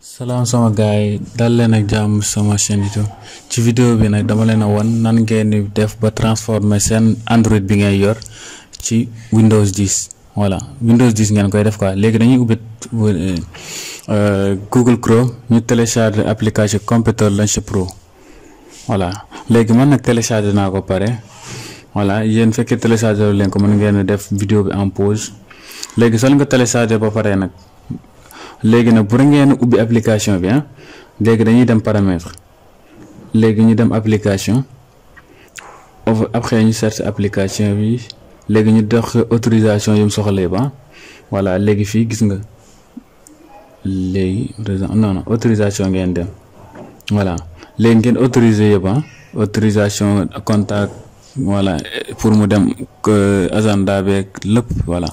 salaam sama gars dal leen ak jàmm sama chaîne ci vidéo bi nag dama leen a wan nan ngeen di def ba transforme seen Android bi ngay yor ci Windows 10 voilà Windows 10 ngeen koy def quoi léegi dañuy ubbi euh, Google Chrome ñu télécharger application Computer Launcher Pro voilà léegi man nag télécharger naa ko pare voilà yéen fekkee télécharger leen ko mën ngeen def vidéo bi en pause léegi soo leen ko télécharger ba pare nag. léegi nag bu la ngeen ubbi application bi ah léegi dañuy dem paramètre léegi ñu dem application après ñu search application bi léegi ñu dox autorisation yu mu soxla ba ah. voilà léegi fii gis nga léegi non non autorisation ngeen dem voilà léegi ngeen autorisé yëpp ah. autorisation contact voilà pour mu dem euh, agenda beeg lépp voilà.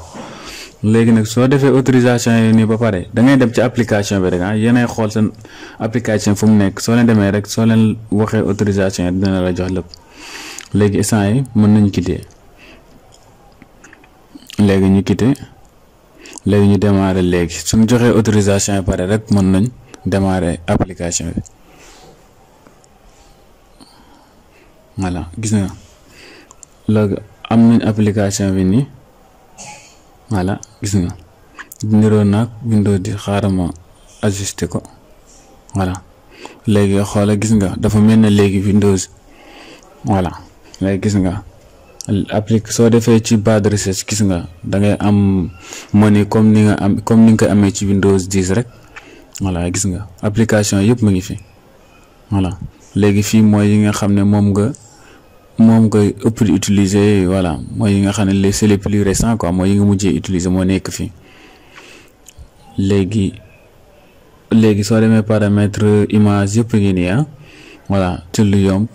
léegi nag soo defee autorisation yi nii ba pare da ngay dem ci application bi rek ah yéenay xool seen application fu mu nekk soo leen demee rek soo leen waxee autorisation yi dina la jox lépp léegi instant yi mën nañu quitter léegi ñu quitter léegi ñu démarrer léegi suñ joxee autorisation yi pare rek mën nañ démarrer application bi voilà gis nga léegi am nañ application bi nii. voilà gis nga niroo naag Windows di xaaral ma ajusté ko voilà léegi xool a gis nga dafa mel ne léegi Windows voilà léegi gis nga applique soo defee ci barre de recherche gis nga da ngay am menu comme ni nga am comme ni nga koy amee ci Windows diis rek voilà gis nga application yëpp mu ngi fi voilà léegi fii mooy yi nga xam ne moom nga. moom koy ëpp di utiliser voilà mooy yi nga xam ne les c'est les plus récents quoi mooy yi nga mujjee utiliser moo nekk fi léegi léegi soo demee paramètre image yëpp ngi nii ah voilà ci lu yomb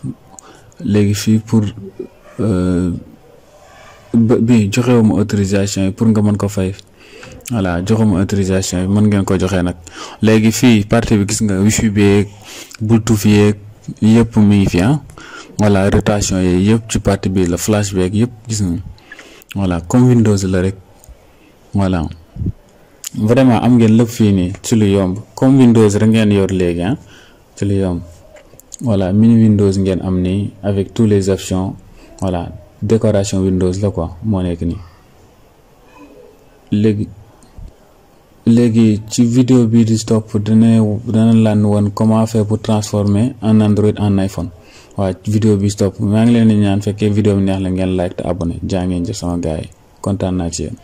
léegi fii pour euh, bi joxewuma autorisation yi pour nga mën ko fay voilà joxuma autorisation yi mën ngeen ko joxee nag léegi fii partie bi gis nga wifi bi yeeg bluetooth yëpp mi ngi fi ah voilà rotation yooyu yëpp ci partie bi la flash beeg yëpp gis nga voilà comme Windows la rek voilà vraiment am ngeen lépp fii nii ci lu yomb comme Windows rek ngeen yor léegi ah ci lu yomb voilà mini Windows ngeen am nii avec tous les options voilà décoration Windows la quoi moo nekk nii léegi léegi ci vidéo bii di stop dana dana lan woon comment faire pour transformer un Android en iPhone. waaw vidéo bi stop maa ngi leen di ñaan fekkee vidéo bi neex la ngeen like te abonné jaa ngeen jëf sama gars kontaan naa ci yéen